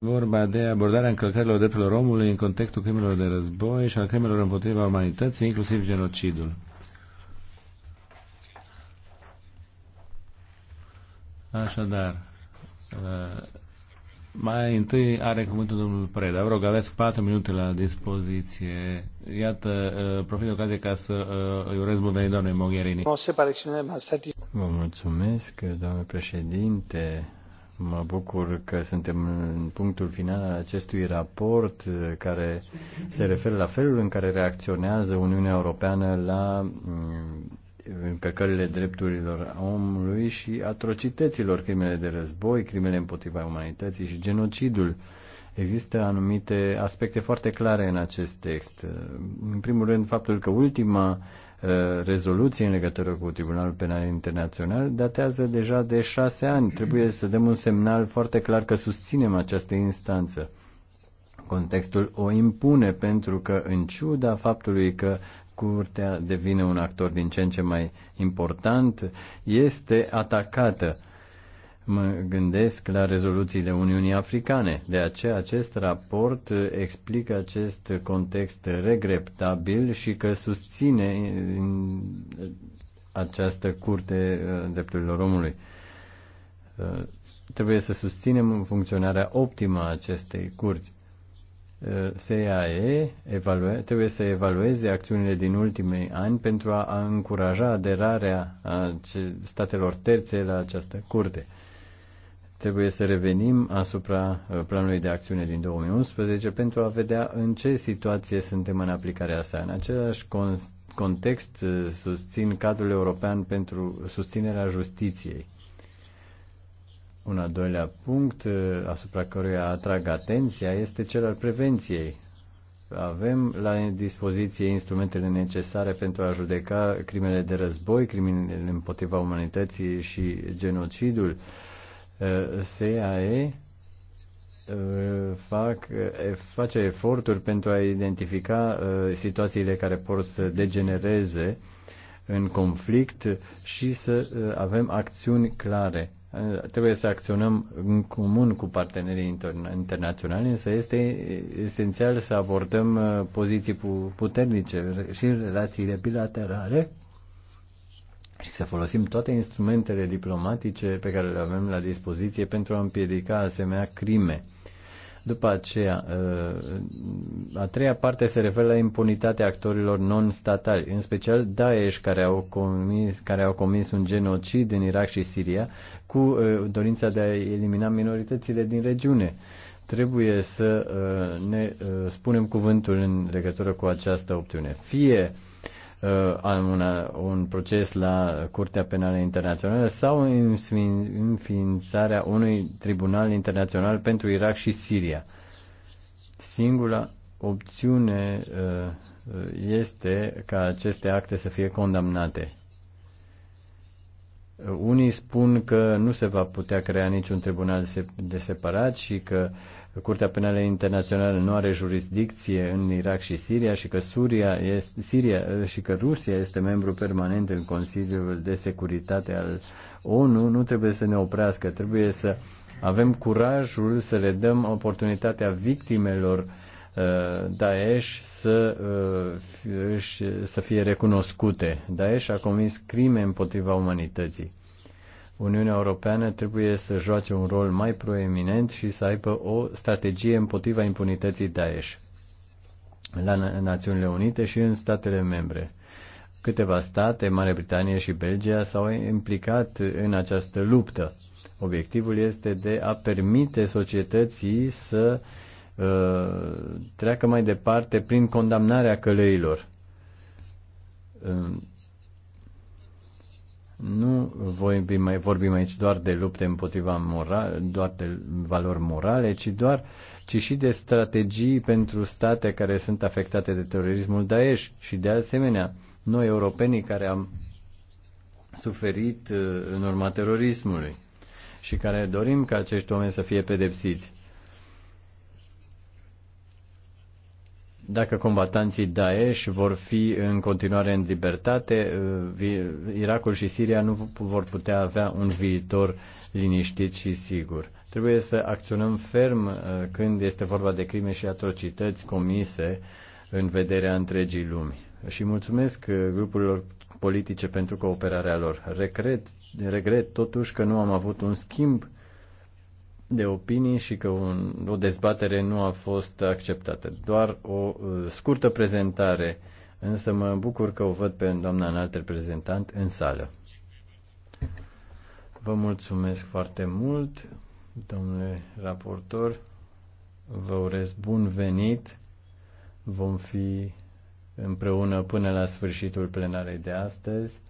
vorba de abordarea încălcărilor drepturilor omului în contextul crimelor de război și al crimelor împotriva umanității, inclusiv genocidul. Așadar, uh, mai întâi are cuvântul domnul Preda. Vă rog, aveți patru minute la dispoziție. Iată, uh, profit de ocazie ca să uh, îi urez bun venit doamnei Mogherini. Vă mulțumesc, doamne președinte, Mă bucur că suntem în punctul final al acestui raport uh, care se referă la felul în care reacționează Uniunea Europeană la mm, încălcările drepturilor omului și atrocităților, crimele de război, crimele împotriva umanității și genocidul. Există anumite aspecte foarte clare în acest text. În primul rând, faptul că ultima uh, rezoluție în legătură cu Tribunalul Penal Internațional datează deja de șase ani. Trebuie să dăm un semnal foarte clar că susținem această instanță. Contextul o impune pentru că, în ciuda faptului că curtea devine un actor din ce în ce mai important, este atacată mă gândesc la rezoluțiile Uniunii Africane. De aceea acest raport explică acest context regreptabil și că susține această curte uh, drepturilor omului. Uh, trebuie să susținem funcționarea optimă a acestei curți. CAE uh, evalue, trebuie să evalueze acțiunile din ultimii ani pentru a încuraja aderarea a statelor terțe la această curte. Trebuie să revenim asupra uh, planului de acțiune din 2011 pentru a vedea în ce situație suntem în aplicarea sa. În același context uh, susțin cadrul european pentru susținerea justiției. Un al doilea punct uh, asupra căruia atrag atenția este cel al prevenției. Avem la dispoziție instrumentele necesare pentru a judeca crimele de război, crimele împotriva umanității și genocidul. SAE uh, uh, fac, uh, face eforturi pentru a identifica situațiile care pot să degenereze în conflict și să avem acțiuni clare. Trebuie să acționăm în comun cu partenerii interna internaționali, însă este esențial să abordăm poziții puternice și relațiile bilaterale și să folosim toate instrumentele diplomatice pe care le avem la dispoziție pentru a împiedica asemenea crime. După aceea, ă, a treia parte se referă la impunitatea actorilor non-statali, în special Daesh, care au, comis, care au comis un genocid în Irak și Siria, cu ă, dorința de a elimina minoritățile din regiune. Trebuie să ă, ne spunem cuvântul în legătură cu această opțiune. Fie uh, Uh, un, un proces la Curtea Penală Internațională sau înființarea unui tribunal internațional pentru Irak și Siria. Singura opțiune uh, este ca aceste acte să fie condamnate. Unii spun că nu se va putea crea niciun tribunal de separat și că Curtea Penală Internațională nu are jurisdicție în Irak și Siria și că Suria este, Siria, și că Rusia este membru permanent în Consiliul de Securitate al ONU, nu trebuie să ne oprească, trebuie să avem curajul să le dăm oportunitatea victimelor uh, Daesh să, uh, să fie recunoscute. Daesh a comis crime împotriva umanității. Uniunea Europeană trebuie să joace un rol mai proeminent și să aibă o strategie împotriva impunității Daesh la Națiunile Unite și în statele membre. Câteva state, Marea Britanie și Belgia, s-au implicat în această luptă. Obiectivul este de a permite societății să uh, treacă mai departe prin condamnarea călăilor. Uh, nu vorbim, vorbim aici doar de lupte împotriva moral, doar de valori morale, ci doar ci și de strategii pentru state care sunt afectate de terorismul Daesh și de asemenea noi europenii care am suferit uh, în urma terorismului și care dorim ca acești oameni să fie pedepsiți. Dacă combatanții Daesh vor fi în continuare în libertate, eh, Irakul și Siria nu vor putea avea un viitor liniștit și sigur. Trebuie să acționăm ferm eh, când este vorba de crime și atrocități comise în vederea întregii lumi. Și mulțumesc eh, grupurilor politice pentru cooperarea lor. Regret, regret totuși că nu am avut un schimb de opinii și că un, o dezbatere nu a fost acceptată. Doar o uh, scurtă prezentare, însă mă bucur că o văd pe doamna înalt reprezentant în sală. Vă mulțumesc foarte mult, domnule raportor. Vă urez bun venit. Vom fi împreună până la sfârșitul plenarei de astăzi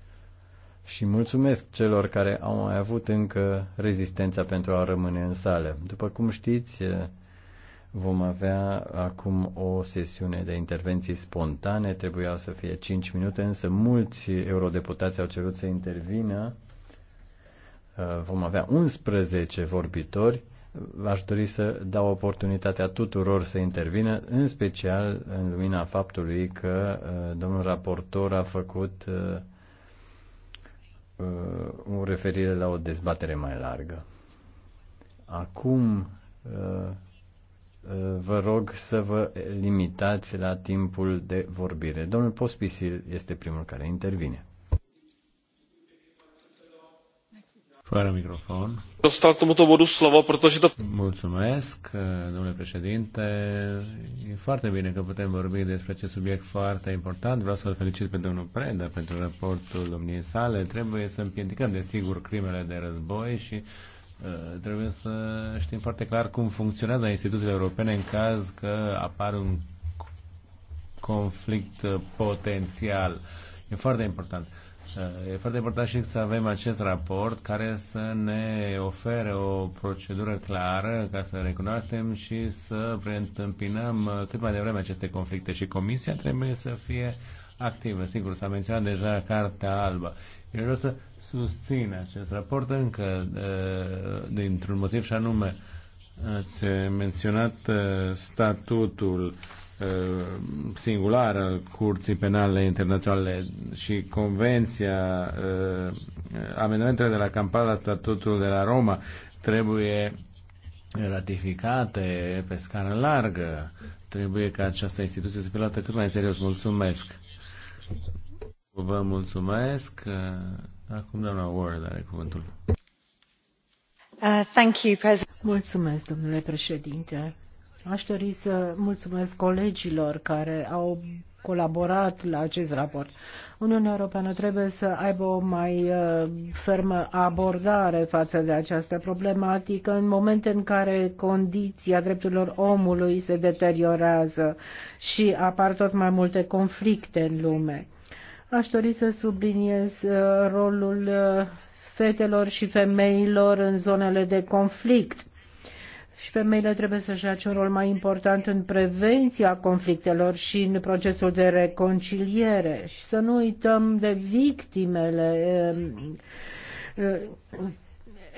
și mulțumesc celor care au mai avut încă rezistența pentru a rămâne în sală. După cum știți, vom avea acum o sesiune de intervenții spontane, trebuiau să fie 5 minute, însă mulți eurodeputați au cerut să intervină. Vom avea 11 vorbitori. Aș dori să dau oportunitatea tuturor să intervină, în special în lumina faptului că uh, domnul raportor a făcut uh, Uh, o referire la o dezbatere mai largă. Acum uh, uh, vă rog să vă limitați la timpul de vorbire. Domnul Pospisil este primul care intervine. Fără microfon. Dostal tomuto bodu slovo, protože to... Mulțumesc, domnule președinte. E foarte bine că putem vorbi despre acest subiect foarte important. Vreau să-l felicit pe domnul Preda pentru raportul domniei sale. Trebuie să împiedicăm, desigur, crimele de război și uh, trebuie să știm foarte clar cum funcționează instituțiile europene în caz că apare un conflict uh, potențial. E foarte important. Eh, e foarte important și să avem acest raport care să ne ofere o procedură clară ca să recunoaștem și să preîntâmpinăm eh, cât mai devreme aceste conflicte și Comisia trebuie să fie activă. Sigur, s-a menționat deja Cartea Albă. Eu vreau să susțin acest raport încă eh, dintr-un motiv și anume ați menționat statutul Uh, singulară Curții Penale Internaționale și Convenția, uh, amendamentele de la Kampala, statutul de la Roma, trebuie ratificate pe scară largă. Trebuie ca această instituție să fie luată cât mai serios. Mulțumesc! Vă mulțumesc! Uh, acum doamna Ward are cuvântul. Uh, thank you, President. Mulțumesc, domnule președinte. Aș dori să mulțumesc colegilor care au colaborat la acest raport. Uniunea Europeană trebuie să aibă o mai uh, fermă abordare față de această problematică în momente în care condiția drepturilor omului se deteriorează și apar tot mai multe conflicte în lume. Aș dori să subliniez uh, rolul uh, fetelor și femeilor în zonele de conflict și femeile trebuie să joace un rol mai important în prevenția conflictelor și în procesul de reconciliere și să nu uităm de victimele um, uh,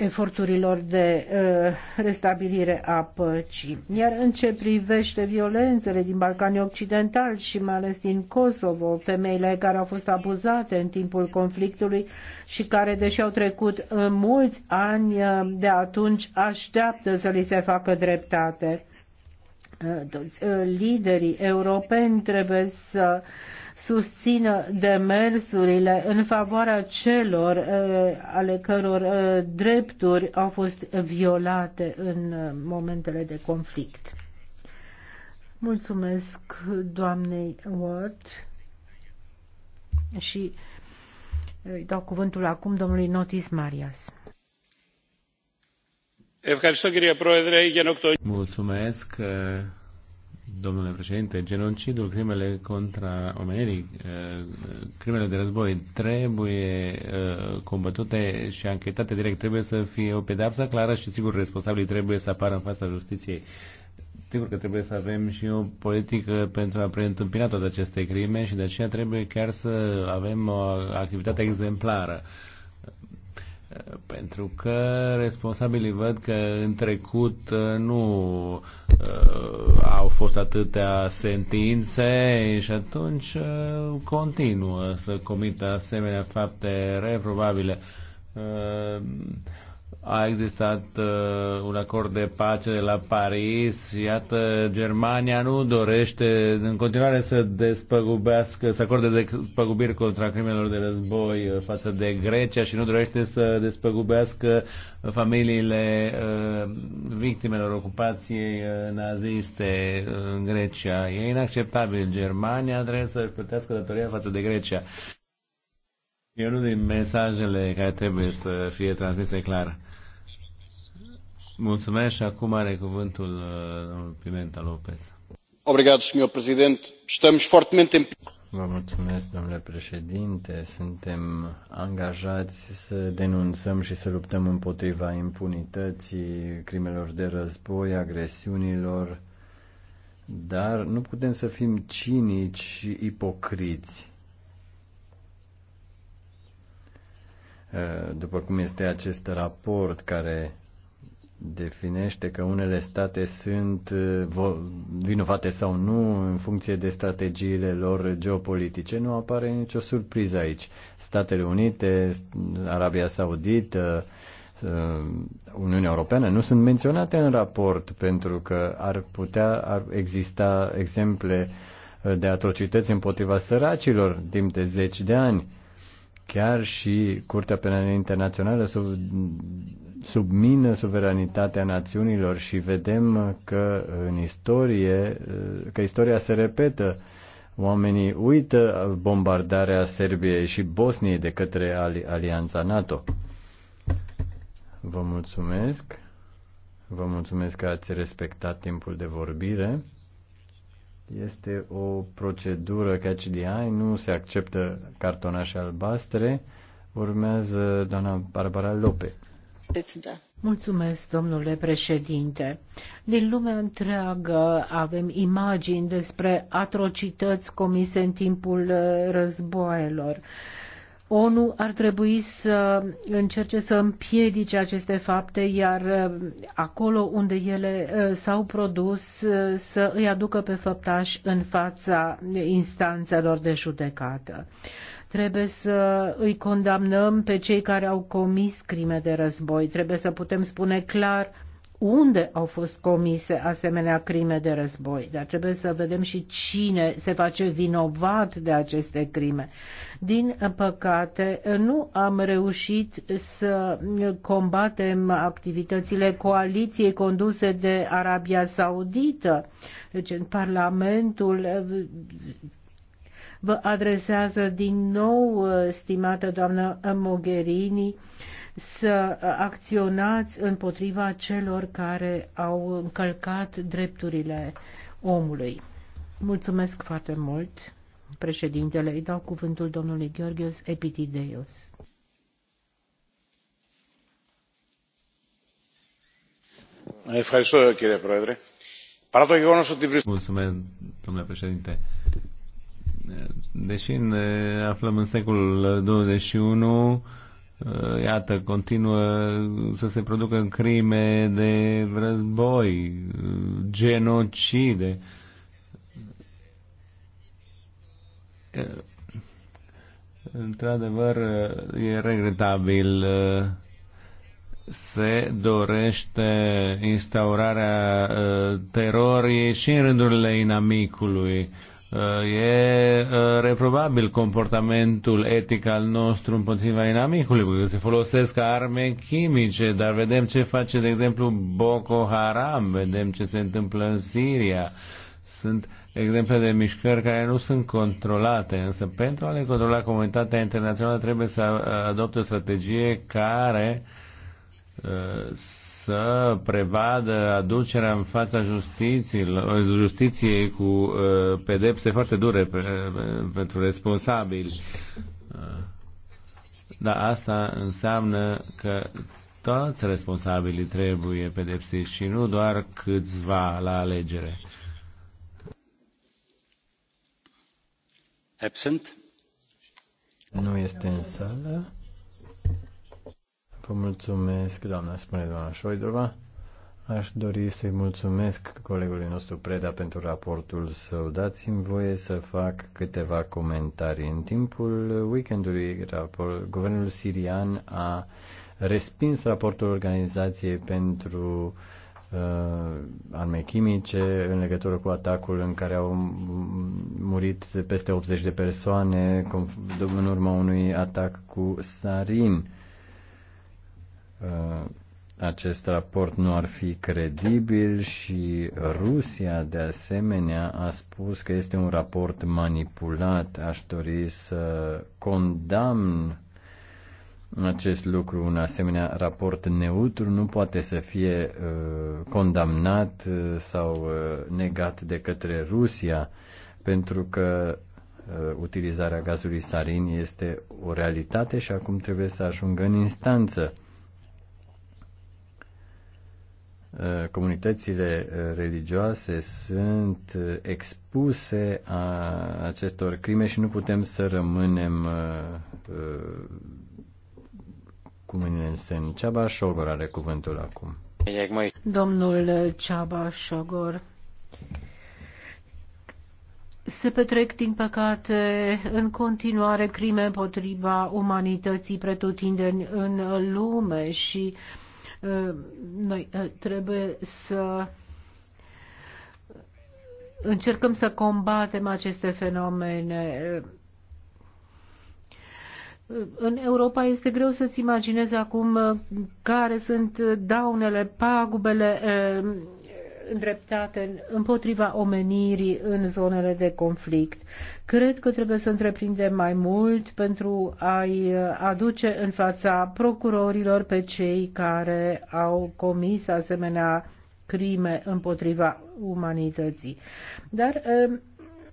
eforturilor de uh, restabilire a păcii. Iar în ce privește violențele din Balcanii Occidentali și mai ales din Kosovo, femeile care au fost abuzate în timpul conflictului și care, deși au trecut uh, mulți ani uh, de atunci, așteaptă să li se facă dreptate. Toți liderii europeni trebuie să uh, susțină demersurile în favoarea celor uh, ale căror uh, drepturi au fost violate în uh, momentele de conflict. Mulțumesc doamnei Ward și îi dau cuvântul acum domnului Notis Marias. Mulțumesc, domnule președinte, genocidul, crimele contra omenirii, eh, crimele de război trebuie eh, combătute și anchetate direct. Trebuie să fie o pedeapsă clară și, sigur, responsabilii trebuie să apară în fața justiției. Sigur că trebuie să avem și o politică pentru a preîntâmpina toate aceste crime și de aceea trebuie chiar să avem o activitate exemplară. Uh, pentru că responsabilii văd că în trecut uh, nu uh, au fost atâtea sentințe și atunci uh, continuă să comită asemenea fapte reprobabile. Uh, a existat uh, un acord de pace de la Paris, iată, Germania nu dorește în continuare să despăgubească, să acorde despăgubiri contra crimelor de război uh, față de Grecia și nu dorește să despăgubească familiile uh, victimelor ocupației uh, naziste uh, în Grecia. E inacceptabil. Germania trebuie să-și plătească datoria față de Grecia. E unul din mesajele care trebuie să fie transmise clar. Mulțumesc și acum are cuvântul uh, domnul Pimenta Lopez. Obrigado, senhor presidente. Estamos fortemente Vă mulțumesc, domnule președinte. Suntem angajați să denunțăm și să luptăm împotriva impunității, crimelor de război, agresiunilor, dar nu putem să fim cinici și ipocriți. Uh, după cum este acest raport care definește că unele state sunt uh, vinovate sau nu în funcție de strategiile lor geopolitice, nu apare nicio surpriză aici. Statele Unite, Arabia Saudită, uh, Uniunea Europeană nu sunt menționate în raport pentru că ar putea ar exista exemple uh, de atrocități împotriva săracilor timp de zeci de ani. Chiar și Curtea Penală Internațională sub, submină suveranitatea națiunilor și vedem că în istorie, că istoria se repetă. Oamenii uită bombardarea Serbiei și Bosniei de către Alianța NATO. Vă mulțumesc. Vă mulțumesc că ați respectat timpul de vorbire. Este o procedură catch the eye, nu se acceptă cartonașe albastre. Urmează doamna Barbara Lope. Mulțumesc, domnule președinte. Din lumea întreagă avem imagini despre atrocități comise în timpul uh, războaielor. ONU ar trebui să încerce să împiedice aceste fapte, iar uh, acolo unde ele uh, s-au produs să îi aducă pe făptași în fața instanțelor de judecată. Trebuie să îi condamnăm pe cei care au comis crime de război. Trebuie să putem spune clar unde au fost comise asemenea crime de război, dar trebuie să vedem și cine se face vinovat de aceste crime. Din păcate, nu am reușit să combatem activitățile coaliției conduse de Arabia Saudită. Deci, în Parlamentul vă adresează din nou, uh, stimată doamnă Mogherini, să acționați împotriva celor care au încălcat drepturile omului. Mulțumesc foarte mult, președintele. Îi dau cuvântul domnului Gheorghios Epitideios. Mulțumesc, domnule președinte Deși ne aflăm în secolul 21, eh, iată, continuă să se producă crime de război, genocide. Eh, într-adevăr, eh, e regretabil. Se dorește instaurarea terorii și în rândurile inamicului Uh, e uh, reprobabil comportamentul etic al nostru împotriva inamicului, pentru că se folosesc arme chimice, dar vedem ce face, de exemplu, Boko Haram, vedem ce se întâmplă în Siria. Sunt exemple de mișcări care nu sunt controlate, însă pentru a le controla comunitatea internațională trebuie să adopte o strategie care uh, să prevadă aducerea în fața justiției cu uh, pedepse foarte dure pe, uh, pentru responsabili. Uh, dar asta înseamnă că toți responsabilii trebuie pedepsiți și nu doar câțiva la alegere. Absent? Nu este în sală. Vă mulțumesc, doamna, spune doamna Șoidrova. Aș dori să-i mulțumesc colegului nostru Preda pentru raportul său. Dați-mi voie să fac câteva comentarii. În timpul weekendului, guvernul sirian a respins raportul organizației pentru uh, arme chimice în legătură cu atacul în care au murit peste 80 de persoane în urma unui atac cu sarin. Uh, Uh, acest raport nu ar fi credibil și Rusia, de asemenea, a spus că este un raport manipulat. Aș dori să condamn acest lucru, un asemenea raport neutru nu poate să fie uh, condamnat uh, sau uh, negat de către Rusia, pentru că uh, utilizarea gazului sarin este o realitate și acum trebuie să ajungă în instanță. Eh, comunitățile eh, religioase sunt eh, expuse a acestor crime și nu putem să rămânem cu mâinile în sân. Ceaba Șogor are cuvântul acum. Domnul Ceaba Șogor, se petrec, din păcate, în continuare crime împotriva umanității pretutindeni în lume și uh, Ehm, noi eh, trebuie să încercăm să combatem aceste fenomene. Ehm, în Europa este greu să-ți imaginezi acum eh, care sunt daunele, pagubele ehm, îndreptate împotriva omenirii în zonele de conflict. Cred că trebuie să întreprindem mai mult pentru a-i aduce în fața procurorilor pe cei care au comis asemenea crime împotriva umanității. Dar um,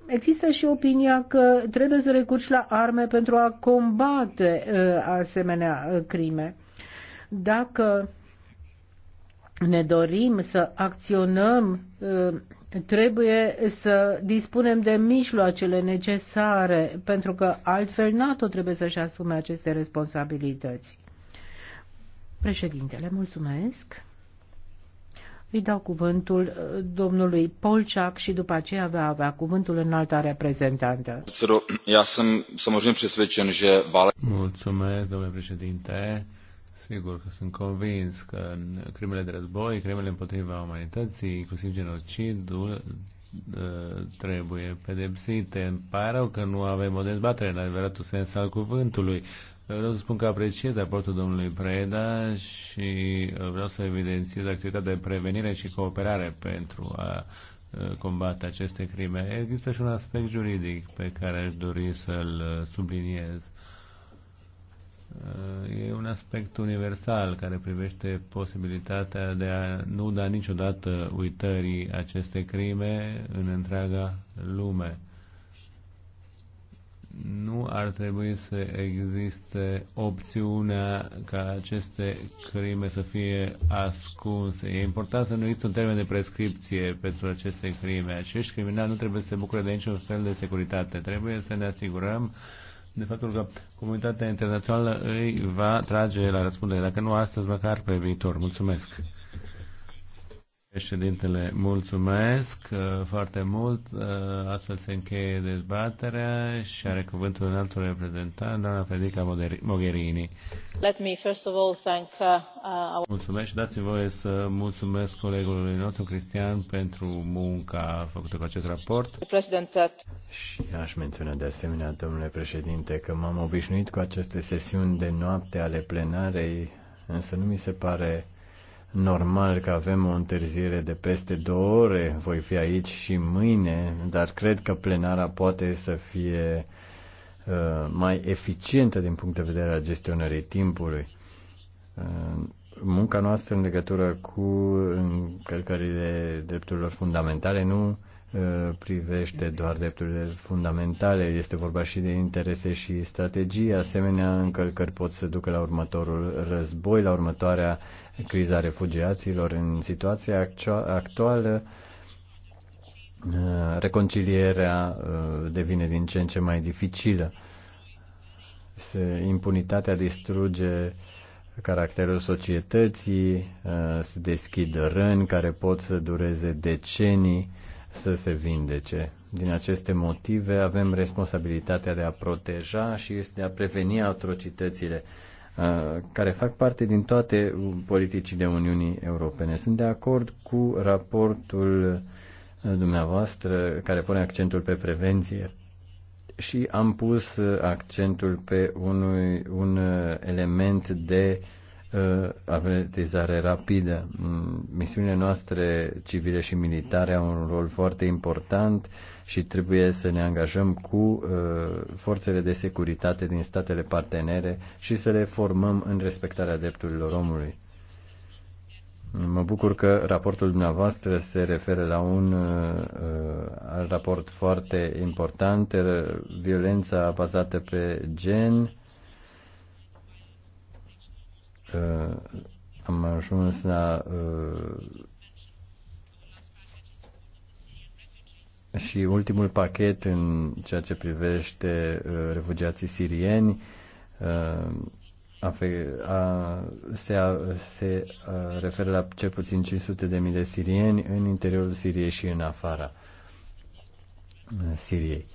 Există și opinia că trebuie să recurci la arme pentru a combate uh, asemenea uh, crime. Dacă ne dorim să acționăm, uh, trebuie să dispunem de mijloacele necesare, pentru că altfel NATO trebuie să-și asume aceste responsabilități. Președintele, mulțumesc. Îi dau cuvântul uh, domnului Polciac și după aceea va avea cuvântul în alta reprezentantă. Mulțumesc, domnule președinte. Sigur că sunt convins că crimele de război, crimele împotriva umanității, inclusiv genocidul, ă, trebuie pedepsite. Îmi pare rău că nu avem o dezbatere în adevăratul sens al cuvântului. Vreau să spun că apreciez raportul domnului Preda și vreau să evidențiez activitatea de prevenire și cooperare pentru a ă, combate aceste crime. Există și un aspect juridic pe care aș dori să-l subliniez. Uh, aspect universal care privește posibilitatea de a nu da niciodată uitării aceste crime în întreaga lume. Nu ar trebui să existe opțiunea ca aceste crime să fie ascunse. E important să nu există un termen de prescripție pentru aceste crime. Acești criminali nu trebuie să se bucure de niciun fel de securitate. Trebuie să ne asigurăm uh, de faptul că comunitatea internațională îi va trage la răspundere, dacă nu astăzi, măcar pe viitor. Mulțumesc! Președintele, mulțumesc uh, foarte mult. Uh, astfel se încheie dezbaterea și are cuvântul un alt reprezentant, doamna Federica Mogherini. Let me first of all thank uh, our... Mulțumesc și dați-mi voie să mulțumesc colegului nostru Cristian pentru munca făcută cu acest raport. Și aș menționa de asemenea, domnule președinte, că m-am obișnuit cu aceste sesiuni de noapte ale plenarei, însă nu mi se pare normal că avem o întârziere de peste două ore. Voi fi aici și mâine, dar cred că plenara poate să fie uh, mai eficientă din punct de vedere a gestionării timpului. Uh, munca noastră în legătură cu încălcările drepturilor fundamentale nu Uh, privește doar drepturile fundamentale, este vorba și de interese și strategii. Asemenea, încălcări pot să ducă la următorul război, la următoarea criza refugiaților. În situația actuală, uh, reconcilierea uh, devine din ce în ce mai dificilă. Se, impunitatea distruge caracterul societății, se deschid răni care pot să dureze decenii să se vindece. Din aceste motive avem responsabilitatea de a proteja și de a preveni atrocitățile uh, care fac parte din toate politicile Uniunii Europene. Sunt de acord cu raportul uh, dumneavoastră care pune accentul pe prevenție și am pus uh, accentul pe unui, un element de uh, Uh, avertizare rapidă. Mm, misiunile noastre civile și militare au un rol foarte important și trebuie să ne angajăm cu uh, forțele de securitate din statele partenere și să le formăm în respectarea drepturilor omului. Mă bucur că raportul dumneavoastră se referă la un uh, uh raport foarte important, violența bazată pe gen, uh, am ajuns la uh, și ultimul pachet în ceea ce privește uh, refugiații sirieni uh, a, a, se, a, se a, referă la cel puțin 500.000 de mii de sirieni în interiorul Siriei și în afara uh, Siriei.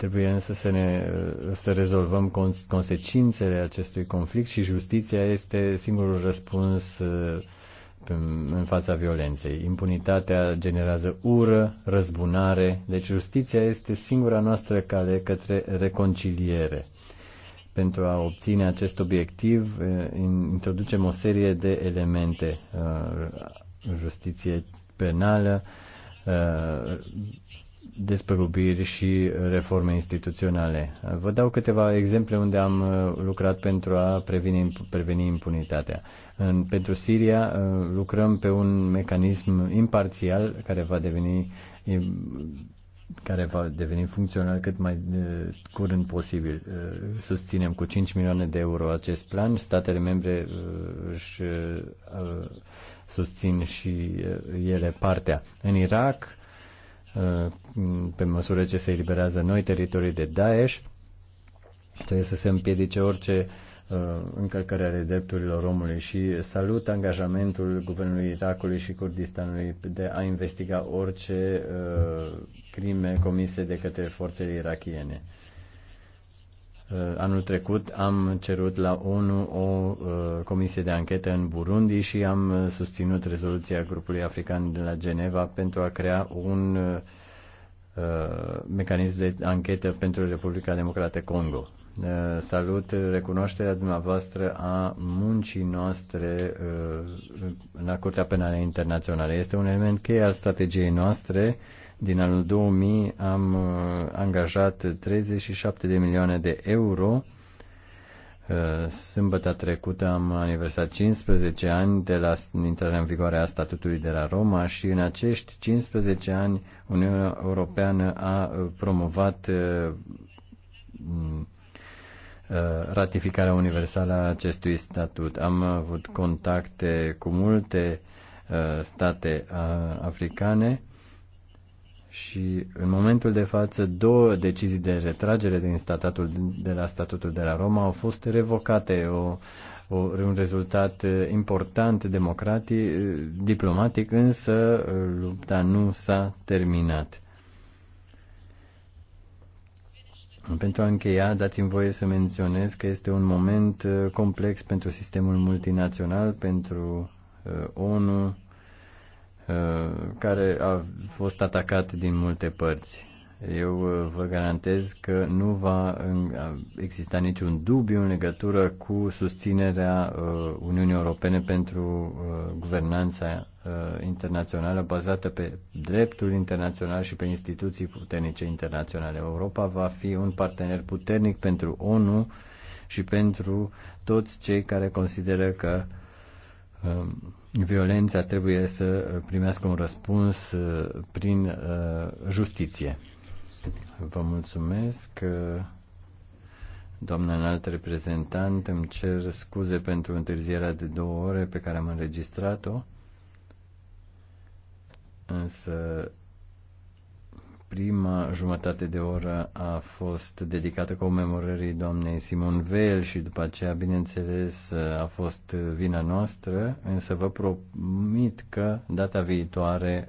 Trebuie însă să, ne, să rezolvăm consecințele acestui conflict și justiția este singurul răspuns uh, în fața violenței. Impunitatea generează ură, răzbunare, deci justiția este singura noastră cale către reconciliere. Pentru a obține acest obiectiv, uh, introducem o serie de elemente. Uh, justiție penală, despre rubiri și reforme instituționale. Vă dau câteva exemple unde am uh, lucrat pentru a preveni, preveni impunitatea. În, pentru Siria uh, lucrăm pe un mecanism imparțial care va deveni care va deveni funcțional cât mai uh, curând posibil. Susținem cu 5 milioane de euro acest plan. Statele membre își susțin și ele partea. În Irak pe măsură ce se eliberează noi teritorii de Daesh, trebuie să se împiedice orice uh, încălcări ale drepturilor omului și salut angajamentul Guvernului Irakului și Kurdistanului de a investiga orice uh, crime comise de către forțele irachiene. Uh, anul trecut am cerut la ONU o uh, comisie de anchetă în Burundi și am uh, susținut rezoluția grupului african de la Geneva pentru a crea un mecanism de anchetă pentru Republica Democrată Congo. Salut recunoașterea dumneavoastră a muncii noastre la Curtea Penală Internațională. Este un element cheie al strategiei noastre din anul 2000 am uh, angajat 37 de milioane de euro. Uh, sâmbăta trecută am aniversat 15 ani de la intrarea în vigoare a statutului de la Roma și în acești 15 ani Uniunea Europeană a uh, promovat ratificarea universală a acestui statut. Am avut contacte cu multe state africane și în momentul de față două decizii de retragere din statutul de la statutul de la Roma au fost revocate o, o, un rezultat eh, important democratic eh, diplomatic însă eh, lupta nu s-a terminat pentru a încheia, dați-mi voie să menționez că este un moment complex pentru sistemul multinațional, pentru ONU, Uh, care a fost atacat din multe părți. Eu uh, vă garantez că nu va uh, exista niciun dubiu în legătură cu susținerea Uniunii Europene pentru guvernanța internațională bazată pe dreptul internațional și pe instituții puternice internaționale. Europa va fi un partener puternic pentru ONU și pentru toți cei care consideră că uh, Um, violența trebuie să primească un răspuns uh, prin uh, justiție. Vă mulțumesc. Uh, doamna înalt reprezentant, îmi cer scuze pentru întârzierea de două ore pe care am înregistrat-o, însă prima jumătate de oră a fost dedicată comemorării doamnei Simon Veil și după aceea, bineînțeles, a fost vina noastră, însă vă promit că data viitoare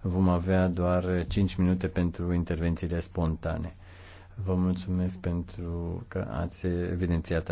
vom avea doar 5 minute pentru intervențiile spontane. Vă mulțumesc pentru că ați evidențiat